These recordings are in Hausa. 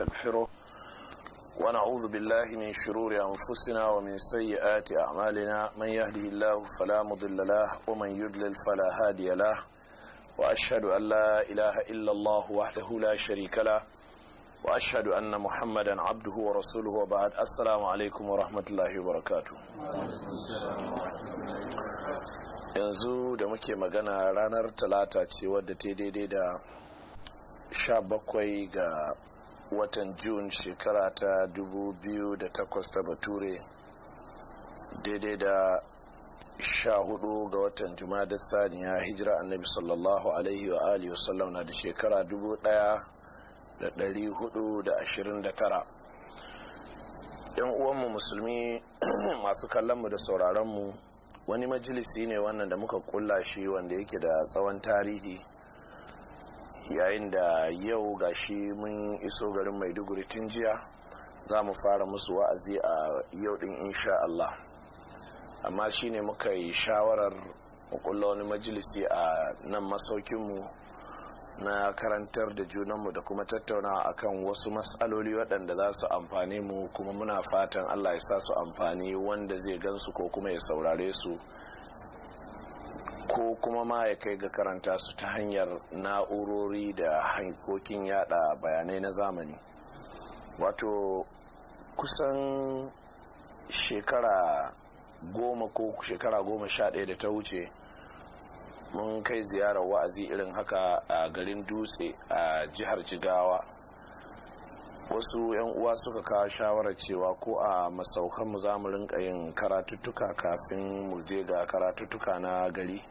ونستغفره ونعوذ بالله من شرور أنفسنا ومن سيئات أعمالنا من يهده الله فلا مضل له ومن يضلل فلا هادي له وأشهد أن لا إله إلا الله وحده لا شريك له وأشهد أن محمدا عبده ورسوله وبعد السلام عليكم ورحمة الله وبركاته yanzu da muke magana ranar talata ce wadda ta daidai da 17 ga watan jun shekara ta 2008 ta bature daidai da 14 ga watan da saniya hijira annabi sallallahu alaihi wa alihi wasallam na da shekara 1429 yan uwanmu musulmi masu kallonmu da sauraronmu wani majalisi ne wannan da muka kulla shi wanda yake da tsawon tarihi yayin da yau gashi mun iso garin maiduguri tun jiya za mu fara musu wa'azi a yau din insha Allah amma shine muka yi shawarar kulla wani majalisi a nan masaukinmu na karantar da junanmu da kuma tattauna kan wasu matsaloli waɗanda za su amfani mu kuma muna fatan allah ya sa su amfani wanda zai gansu ko kuma ya saurare su ko kuma ma ya kai ga karanta su ta hanyar na'urori da hankokin yada bayanai na zamani wato kusan shekara goma ko shekara goma sha ɗaya da ta wuce mun kai ziyarar wa'azi irin haka a garin dutse a jihar jigawa wasu 'yan uwa suka kawo shawarar cewa ko a masaukan mu za rinka yin karatuttuka kafin mu je ga karatuttuka na gari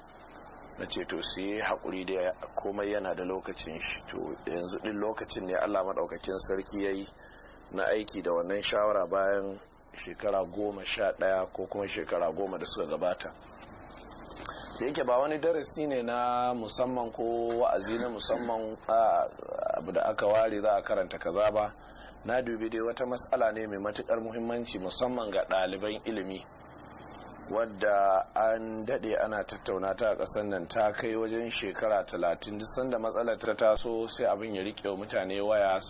na ce to su yi haƙuri da komai yana da lokacin shi to yanzu ɗin lokacin ne allah maɗaukakin sarki ya yi na aiki da wannan shawara bayan shekara goma sha ɗaya ko kuma shekara goma da suka gabata da yake ba wani darasi ne na musamman ko wa'azi na musamman abu da aka ware za a karanta kaza ba na dubi dai wata matsala ne mai matuƙar muhimmanci musamman ga ɗaliban ilimi wadda an daɗe ana tattauna ta a ƙasar nan ta kai wajen shekara talatin duk sanda matsalar ta taso sai abin ya rike mutane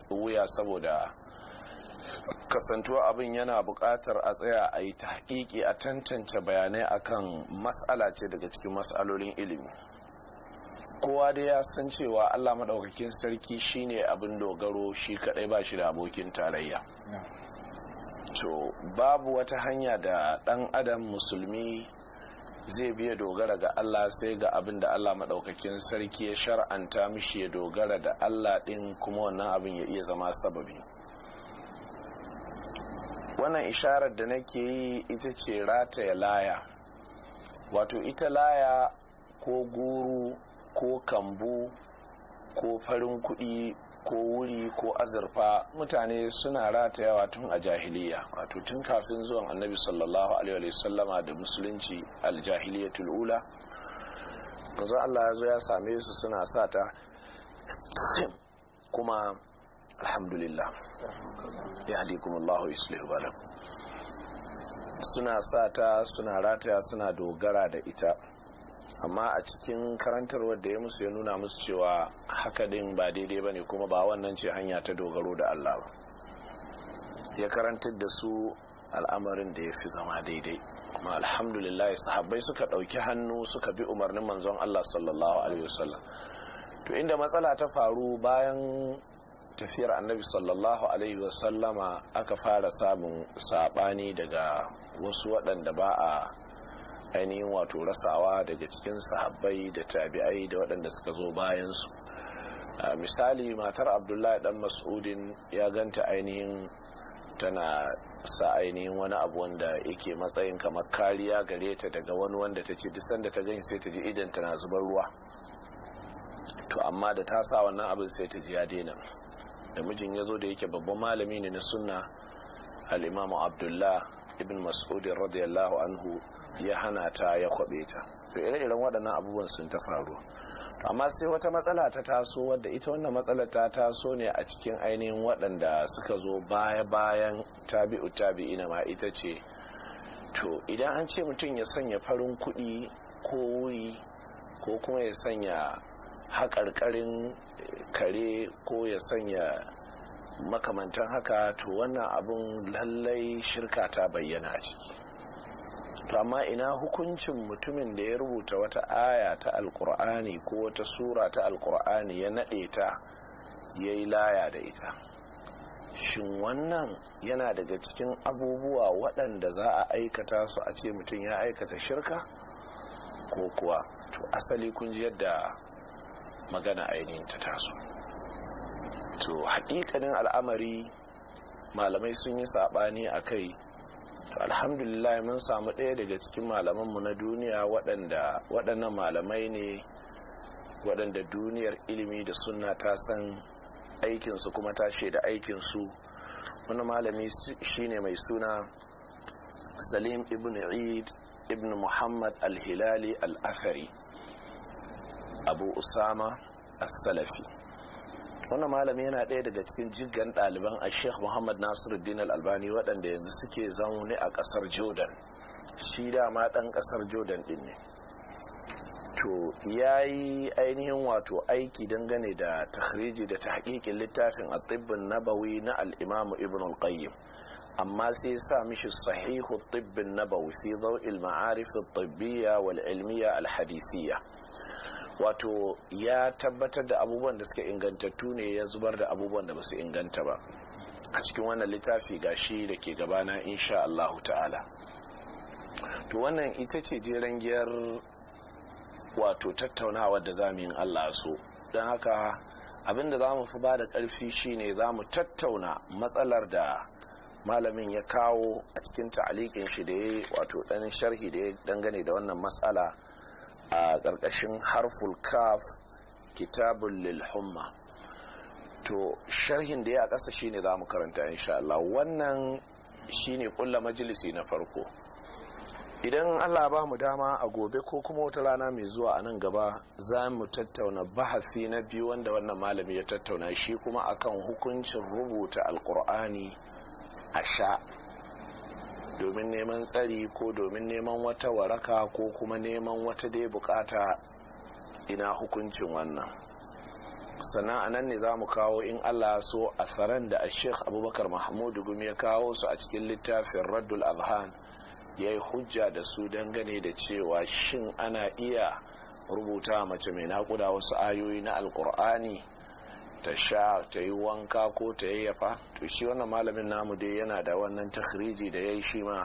wuya saboda kasantuwa abin yana buƙatar a tsaya a yi tahqiqi a tantance bayanai akan matsala ce daga cikin matsalolin ilimi kowa dai ya san cewa allah maɗaukakin sarki shine abin dogaro shi kaɗai ba shi da abokin tarayya to babu wata hanya da ɗan adam musulmi zai biya dogara ga Allah sai ga abin da Allah maɗaukakin sarki ya shar'anta mishi ya dogara da Allah ɗin kuma wannan abin ya iya zama sababi wannan isharar da nake yi ita ce rataya laya wato ita laya ko guru ko kambu ko farin kuɗi ko wuri ko azurfa mutane suna ratayawa tun a jahiliya wato tun kafin zuwan annabi sallallahu alaihi wa sallama da musulunci aljahiliyatul ula manzon Allah ya zo ya same su suna sata kuma alhamdulillah ya hadikum Allahu balakum suna sata suna rataya suna dogara da ita amma a cikin karantar da ya musu ya nuna musu cewa haka din ba daidai ba ne kuma ba wannan ce hanya ta dogaro da allah ba ya karantar da su al'amarin da ya fi zama daidai kuma alhamdulillah sahabbai suka ɗauki hannu suka bi umarnin manzon allah sallallahu alaihi wasallam to inda matsala ta faru bayan tafiyar annabi sallallahu alaihi wasallama aka fara samun saɓani daga wasu waɗanda ba a ainihin wato rasawa daga cikin sahabbai da tabi'ai da waɗanda suka zo bayansu misali matar abdullahi dan mas'udin ya ganta ainihin tana sa ainihin wani abu wanda yake matsayin kamar kariya gare ta daga wani wanda ta ce duk sanda ta gani sai ta ji idan tana zubar ruwa to amma da ta sa wannan abin sai ta ji ya daina da mijin ya zo da yake babban malami ne na sunna al'imamu abdullah ibn mas'udin radiyallahu anhu ya hana ta ya kwabe ta to ire-iren waɗannan abubuwan sun ta faru amma sai wata matsala ta taso wadda ita wannan matsala ta taso ne a cikin ainihin waɗanda suka zo baya-bayan tabi'u tabi'i na ma ita ce to idan an ce mutum ya sanya farin kuɗi ko wuri ko kuma ya sanya haƙarƙarin eh, kare ko ya sanya makamantan haka to wannan abun lallai shirka ta bayyana a ciki to amma ina hukuncin mutumin da ya rubuta wata aya ta alkur'ani ko wata sura ta alkur'ani ya naɗe ta ya yi laya da ita shin wannan yana daga cikin abubuwa waɗanda za a aikata su a ce mutum ya aikata shirka ko kuwa to asali kun ji yadda magana ainihin ta taso to haƙiƙanin al'amari malamai sun yi saɓani a kai to alhamdulillah mun samu ɗaya daga cikin malamanmu na duniya waɗannan malamai ne waɗanda duniyar ilimi da sunna ta san aikinsu kuma ta da aikinsu wani malami shine mai suna salim ibn eid ibn muhammad al-hilali al-athari abu usama as-salafi al hilali al athari abu usama as al salafi wannan malami yana ɗaya daga cikin jiggan ɗaliban a sheikh muhammad nasiruddin albani waɗanda yanzu suke zaune a ƙasar jordan shi dama ɗan ƙasar jordan ɗin ne to ya yi ainihin wato aiki dangane da tahriji da tahqiqin littafin a tibbin nabawi na al'imamu ibn al-qayyim amma sai sa mishi sahihu tibbin nabawi fi zau'il ma'arif tibbiyya wal ilmiya al-hadisiyya wato ya tabbatar da abubuwan da suka ingantattu ne ya zubar da abubuwan da basu inganta ba a cikin wannan littafi gashi da ke gabana insha Allahu ta'ala to wannan ita ce jeren giyar wato tattaunawa da za Allah so don haka abin da za mu fi ba da ƙarfi shine za mu tattauna matsalar da malamin ya kawo a cikin ta'alikin shi da ya wato ɗan sharhi da ya dangane da wannan matsala a ƙarƙashin harful kaf kitabun lilhumma to sharhin da ya a ƙasa shine za mu karanta insha Allah wannan shine kulla majalisi na farko idan Allah ba mu dama a gobe ko kuma wata rana mai zuwa a nan gaba za mu tattauna bahasi na biyu wanda wannan malami ya tattauna shi kuma akan hukuncin rubuta alkur'ani a sha domin neman tsari ko domin neman wata waraka ko kuma neman wata dai bukata ina hukuncin wannan sannan a nan ne za mu kawo in allah so a tsaron da a sheikh abubakar mahmudu gumi ya kawo su a cikin littafin raddul azhan ya yi hujja da su dangane da cewa shin ana iya rubuta mace mai naƙuda wasu ayoyi na alkur'ani ta sha ta yi wanka ko ta yayyafa to shi wannan malamin namu dai yana da wannan takhriji da yayi shi ma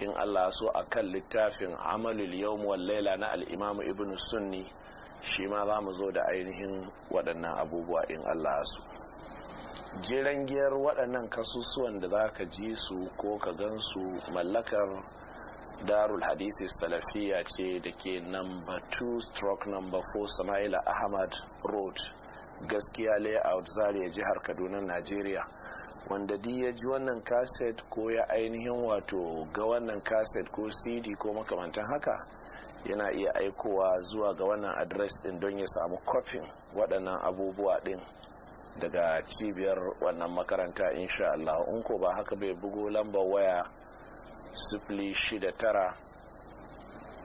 in allah so akan littafin amalul yawm wal laila na al'imamu ibn sunni shi ma za mu zo da ainihin waɗannan abubuwa in allah so jiran giyar waɗannan kasusuwan da za ka ji su ko ka gan su mallakar darul hadithi salafiya ce da ke number 2 stroke number 4 samaila ahmad road gaskiya layout zariya jihar kaduna nigeria wanda di ya ji wannan kaset ko ya ainihin wato ga wannan kaset ko cd ko makamantan haka yana iya aikowa zuwa ga wannan adres din don ya samu kofin waɗannan abubuwa din daga cibiyar wannan makaranta insha Allah in ko ba haka bai bugo lambar waya sifili shida tara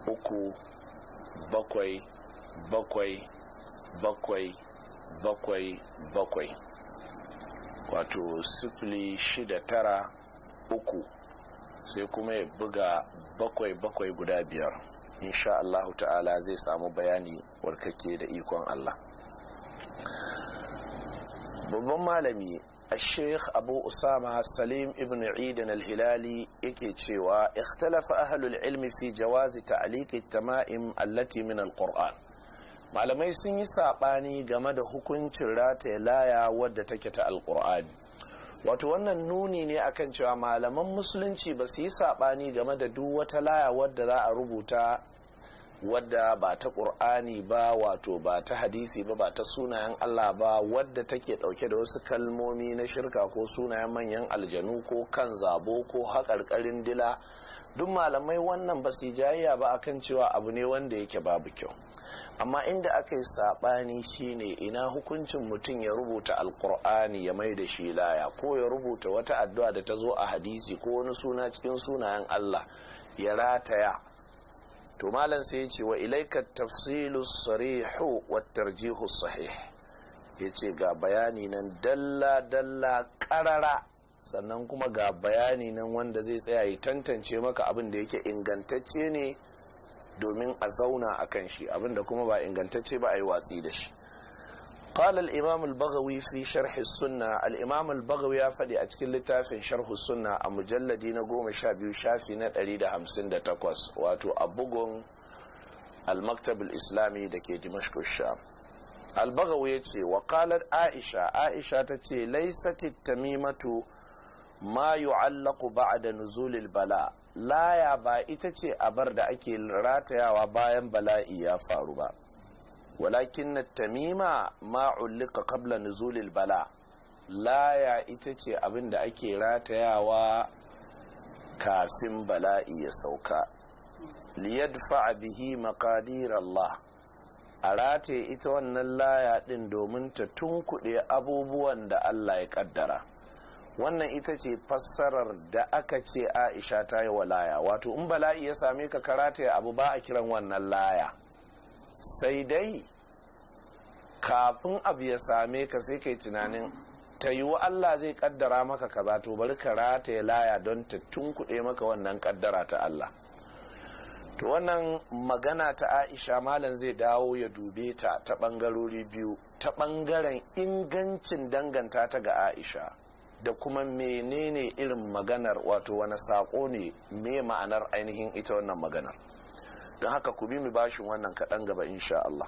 uku bakwai bakwai bakwai wato sifili shida tara uku sai kuma ya buga bakwai bakwai guda biyar insha allahu ta'ala zai samu bayani warkake da ikon allah babban malami a sheikh abu usama salim ibn idan al-hilali yake cewa ikhtalafa ahlul ilmi fi jawazi ta'liqi tama'im allati min al-qur'an malamai sun yi saɓani game da hukuncin rataya laya wadda take ta alkur'ani wato wannan nuni ne akan cewa malaman musulunci ba su yi saɓani game da duk wata laya wadda za a rubuta wadda ba ta ƙur'ani ba wato ba ta hadisi ba ba ta sunayen allah ba wadda take ɗauke da wasu kalmomi na shirka ko sunayen manyan aljanu ko kan zabo ko haƙarƙarin dila duk malamai wannan ba su yi jayayya ba akan cewa abu ne wanda yake babu kyau amma inda aka yi saɓani shine ina hukuncin mutum ya rubuta alkur'ani ya mai da shi laya ko ya rubuta wata addu'a da ta zo a hadisi ko wani suna cikin sunayen allah ya rataya to malam sai ya ce wa ilaika tafsilu sarihu wa tarjihu sahih ya ce ga bayani nan dalla dalla karara sannan kuma ga bayani nan wanda zai tsaya ya tantance maka abin da yake ingantacce ne Domin a zauna a kan shi. Abinda kuma ba ingantace ba, a yi watsi da shi. Ƙalal Imam Al-Baghawi fi sharhi suna Al-Imamul-Baghawi ya faɗi a cikin littafin sharhu sunna a mujalladi na goma sha biyu shafi na ɗari da hamsin da takwas, abubuwan almaktabar islamai da ke Dimash Kusha. Albaghawi ya ce Aisha, Aisha tace ce la isa ma yi calaqewa ba'a da Bala. laya ba ita ce a bar da ake ratayawa bayan bala'i ya faru ba walakin na tamima ma'ullika kabla nuzulil bala laya ita ce abin da ake ratayawa kafin bala'i ya sauka liyadfa bihi maqadir Allah a rataye ita wannan laya ɗin domin ta tunkuɗe abubuwan da Allah ya ƙaddara. wannan ita ce fassarar da aka ce aisha ta yi wa laya wato in bala'i ya same ka karata ya abu ba a kiran wannan laya sai dai kafin abu ya same ka sai kai tunanin ta yi wa Allah zai kaddara maka kaza to bari karata ya laya don ta tunkuɗe maka wannan kaddara ta Allah to wannan magana ta aisha malam zai dawo ya dube ta ta ɓangarori biyu ta ɓangaren ingancin danganta ta ga aisha da kuma menene irin maganar wato wani saƙo ne me ma'anar ainihin ita wannan maganar don haka ku bi mu bashin wannan kaɗan gaba insha Allah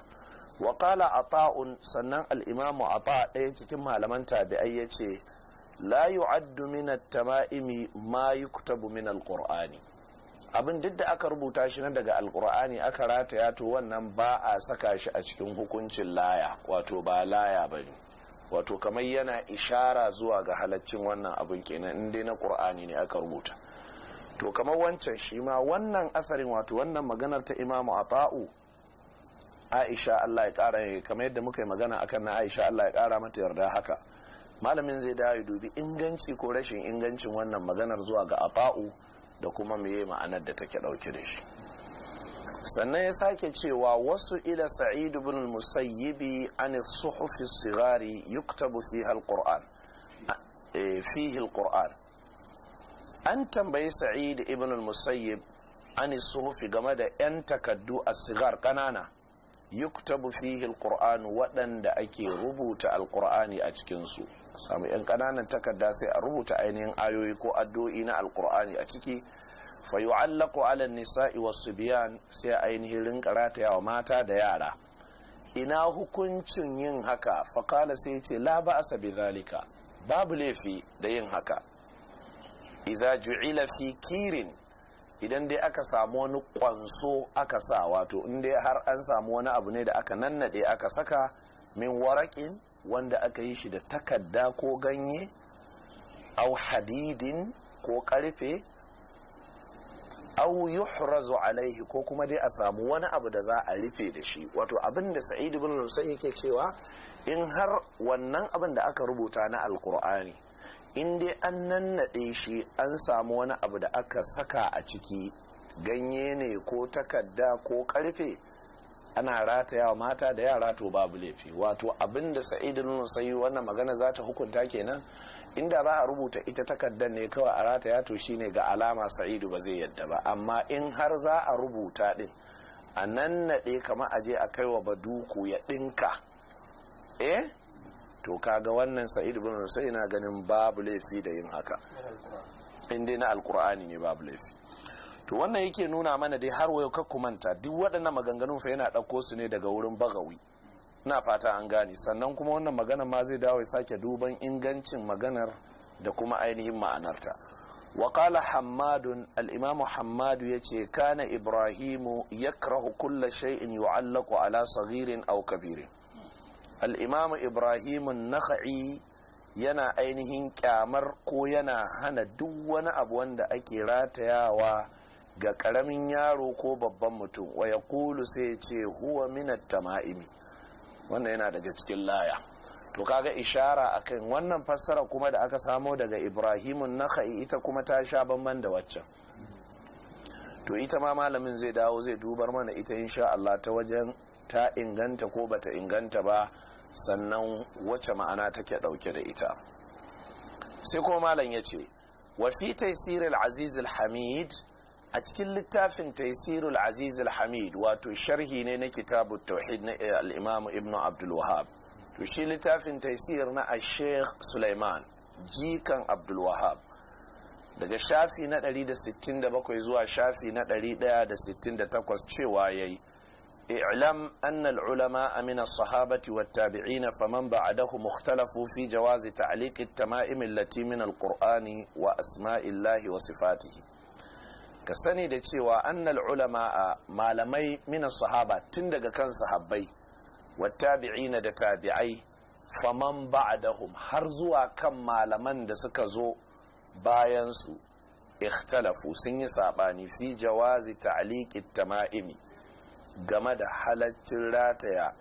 wa qala ata'un sannan al-imamu ata ɗaya cikin malaman tabi'ai yace la yu'addu min at-tama'imi ma yuktabu min al-qur'ani abin duk da aka rubuta shi nan daga alkur'ani aka rataya to wannan ba a saka shi a cikin hukuncin laya wato ba laya ba ne wato kamar yana ishara zuwa ga halaccin wannan abin kenan in dai na qur'ani ne aka rubuta to kamar wancan shi ma wannan asarin wato wannan maganar ta imamu ata'u aisha allah ya kara eh, kamar yadda muka yi magana akan na aisha allah ya kara mata yarda haka malamin zai dawo ya dubi inganci ko rashin ingancin wannan maganar zuwa ga ata'u da kuma meye ma'anar da take dauke da shi sannan ya sake cewa wasu ila sa'id ibn musayyibi an suhufi sigari yuktabu fiha alquran e, fihi alquran an tambayi sa'id ibn musayyib an suhufi game da yan takaddu a sigar kanana yuktabu fihi alquran waɗanda ake rubuta alqur'ani a cikinsu samu yan kananan takadda sai a rubuta ainihin ayoyi ko addu'o'i na alqur'ani a ciki fa yu'allaqu 'ala an-nisa'i was biyan sai ainihin rinka rataya wa mata da yara ina hukuncin yin haka fakala sai ce la ba'asa bi zalika babu laifi da yin haka iza ju'ila fi kirin idan dai aka samu wani ƙwanso aka sa wato in dai har an samu wani abu ne da aka nannade aka saka min waraƙin wanda aka yi shi da takadda ko ganye au hadidin ko ƙarfe au yuhrazu alaihi ko kuma dai a samu wani abu da za a rufe da shi wato abin da sa'id ibn musayyib yake cewa in har wannan abin da aka rubuta na alkur'ani in dai an nannaɗe shi an samu wani abu da aka saka a ciki ganye ne ko takarda ko karfe ana ratayawa mata da yara to babu laifi wato abin da sa'id ibn wannan magana za ta hukunta kenan inda za a rubuta ita takardar ne kawai a rataya to shine ga alama sa'idu ba zai yadda ba amma in har za a rubuta din a nan naɗe kama a je a kai wa baduku ya ɗinka eh to kaga wannan sa'idu bin sai na ganin babu laifi da yin haka in dai na alkur'ani ne babu laifi to wannan yake nuna mana dai har wayo ku manta duk waɗannan maganganun fa yana ɗauko su ne daga wurin bagawi na fata an gani sannan kuma wannan magana ma zai dawo ya sake duban ingancin maganar da kuma ainihin ma'anarta waƙala hammadun al'imamu hammadu ya ce kana ibrahimu ya kulla shay'in yu'allaku ala sagirin au kabirin al'imamu ibrahimun naka'i yana ainihin kyamar ko yana hana duk wani abu wanda ake ratayawa ga karamin yaro ko babban mutum wa ya kulu sai ce huwa minat tama'imi wannan yana daga cikin laya to kaga ishara akan wannan fassara kuma da aka samo daga ibrahimun nakhai ita kuma ta sha bamban da waccan to ita ma malamin zai dawo zai dubar mana ita insha Allah ta wajen ta inganta ko bata inganta ba sannan wacce ma'ana take dauke da ita sai kuma malam ya ce wa fi taisir al hamid a cikin littafin taisirul aziz hamid wato sharhi ne na kitabu tauhid na eh, al'imamu ibn abdulwahab to shi littafin taisir na sheikh suleiman jikan abdulwahab daga shafi na 167 zuwa shafi na 168 cewa ya yi اعلم أن العلماء من الصحابة والتابعين فمن بعدهم اختلفوا في جواز تعليق التمائم التي من القرآن وأسماء الله وصفاته ka sani da cewa annal ulama a malamai mina sahaba tun daga kan sahabbai wa tabi'ina da tabi'ai faman ba'dahum har zuwa kan malaman da suka zo bayan su ikhtalafu sun yi sabani fi jawazi ta'liqi tama'imi game da halaccin rataya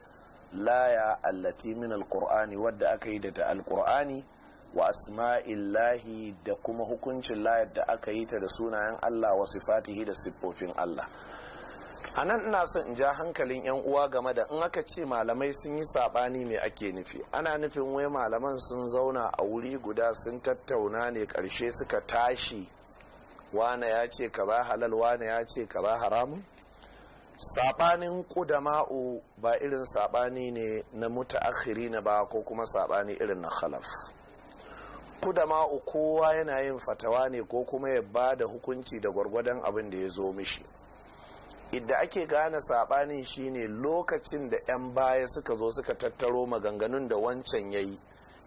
laya allati min alqur'ani wadda aka yi da alqur'ani wa asma'illahi da kuma hukuncin layar da aka yi ta da sunayen Allah wasu fatihi da siffofin Allah a nan ina son in ja hankalin 'yan uwa game da in aka ce malamai sun yi saɓani mai ake nufi ana nufin wai malaman sun zauna a wuri guda sun tattauna ne ƙarshe suka tashi wane ya ce kaza halal wane ya ce kaza haramun sabanin kudama'u ba irin saɓani ne na mutaakhiri na ba ko kuma saɓani irin na khalaf ma kowa yana yin fatawa ne ko kuma ya ba da hukunci da gwargwadon abin da ya zo mishi idda ake gane saɓanin shine lokacin da 'yan baya suka zo suka tattaro maganganun da wancan ya yi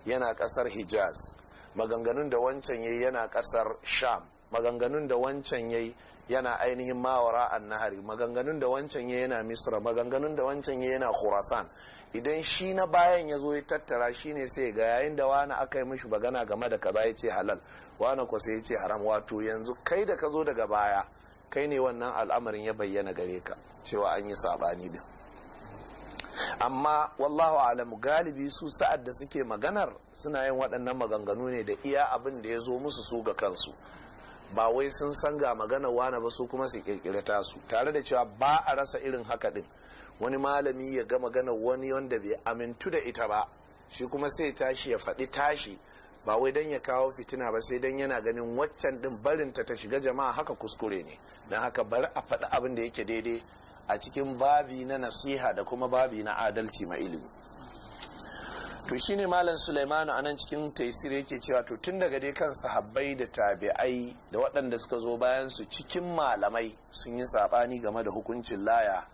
yana ƙasar hijaz maganganun da wancan ya yi yana ƙasar sham maganganun da wancan ya yi yana ainihin mawara nahari maganganun da wancan ya yana misra maganganun da wancan ya yana khurasan idan shi na bayan ya zo ya tattara shi ne sai ga yayin da wani aka yi mishi magana game da kaza ya ce halal wani ko ya ce haram wato yanzu kai da ka zo daga baya kai ne wannan al'amarin ya bayyana gare ka cewa an yi sabani din amma wallahu alam galibi su sa'ad da suke maganar suna yin waɗannan maganganu ne da iya abin da ya zo musu su ga kansu ba wai sun san ga maganar wane ba su kuma su kirkiri su tare da cewa ba a rasa irin haka din wani malami ya gama gana wani wanda bai amintu da ita ba shi kuma sai tashi ya faɗi tashi ba wai don ya kawo fitina ba sai don yana ganin waccan din barinta ta shiga jama'a haka kuskure ne don haka bari a faɗi abin da yake daidai a cikin babi na nasiha da kuma babi na adalci ma ilimi to shine malam sulaimanu a nan cikin taisir yake cewa to tun daga dai kan sahabbai da tabi'ai da waɗanda suka zo bayan su cikin malamai sun yi saɓani game da hukuncin laya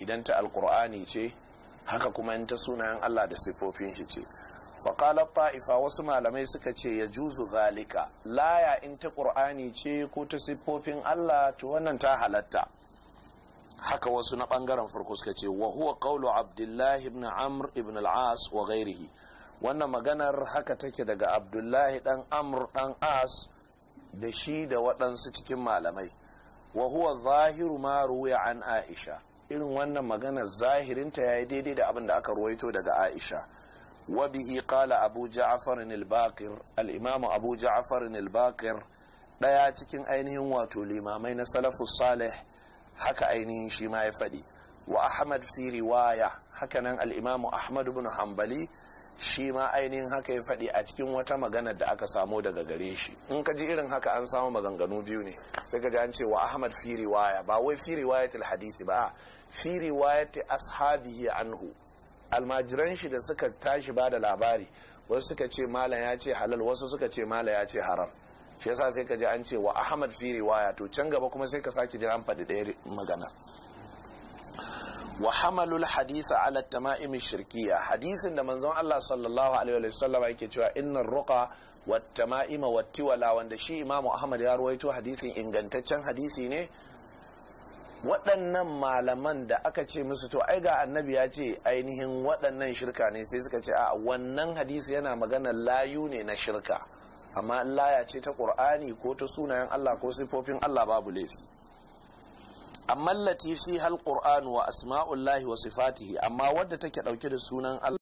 idan ta alkur'ani ce haka kuma in ta sunayen Allah da siffofin shi ce faƙalar ta'ifa wasu malamai suka ce ya juzu zalika laya in ta ƙur'ani ce ko ta siffofin Allah to wannan ta halatta haka wasu na ɓangaren farko suka ce wa huwa ƙaulu abdullahi ibn amr ibn al wa Gairihi. wannan maganar haka take daga abdullahi dan amr dan as da shi da waɗansu cikin malamai wa huwa zahiru ma ruwiya an aisha irin wannan magana zahirinta ya yi daidai da abin da aka ruwaito daga aisha wa bihi qala abu ja'far al-baqir al-imam abu ja'far al-baqir daya cikin ainihin wato limamai na salafu salih haka ainihin shi ma ya faɗi wa ahmad fi riwaya hakanan al-imam ahmad ibn hanbali shi ma ainihin haka ya faɗi a cikin wata magana da aka samo daga gare shi in ka ji irin haka an samu maganganu biyu ne sai ka ji an ce wa ahmad fi riwaya ba wai fi riwayatil hadisi ba fi ashabi ashabihi anhu almajiran shi da suka tashi ba da labari wasu suka ce mala ya ce halal wasu suka ce mala ya ce haram shi yasa sai ka ji an ce wa ahmad fi riwaya to can gaba kuma sai ka sake ji an faɗi ɗaya magana wa hamalu hadisa ala tama'im shirkiya hadisin da manzon Allah sallallahu alaihi wa sallam yake cewa innar ruqa wa tama'ima wa tiwala wanda shi imamu Ahmad ya ruwaito hadisin ingantaccen hadisi ne waɗannan malaman da aka ce musu to ai ga annabi ya ce ainihin waɗannan shirka ne sai suka ce a wannan hadisi yana magana layu ne na shirka amma laya ce ta qur'ani ko ta sunayen Allah ko siffofin Allah babu laifi amma latifi hal qur'an wa asma'ullahi wa sifatihi amma wadda take dauke da sunan Allah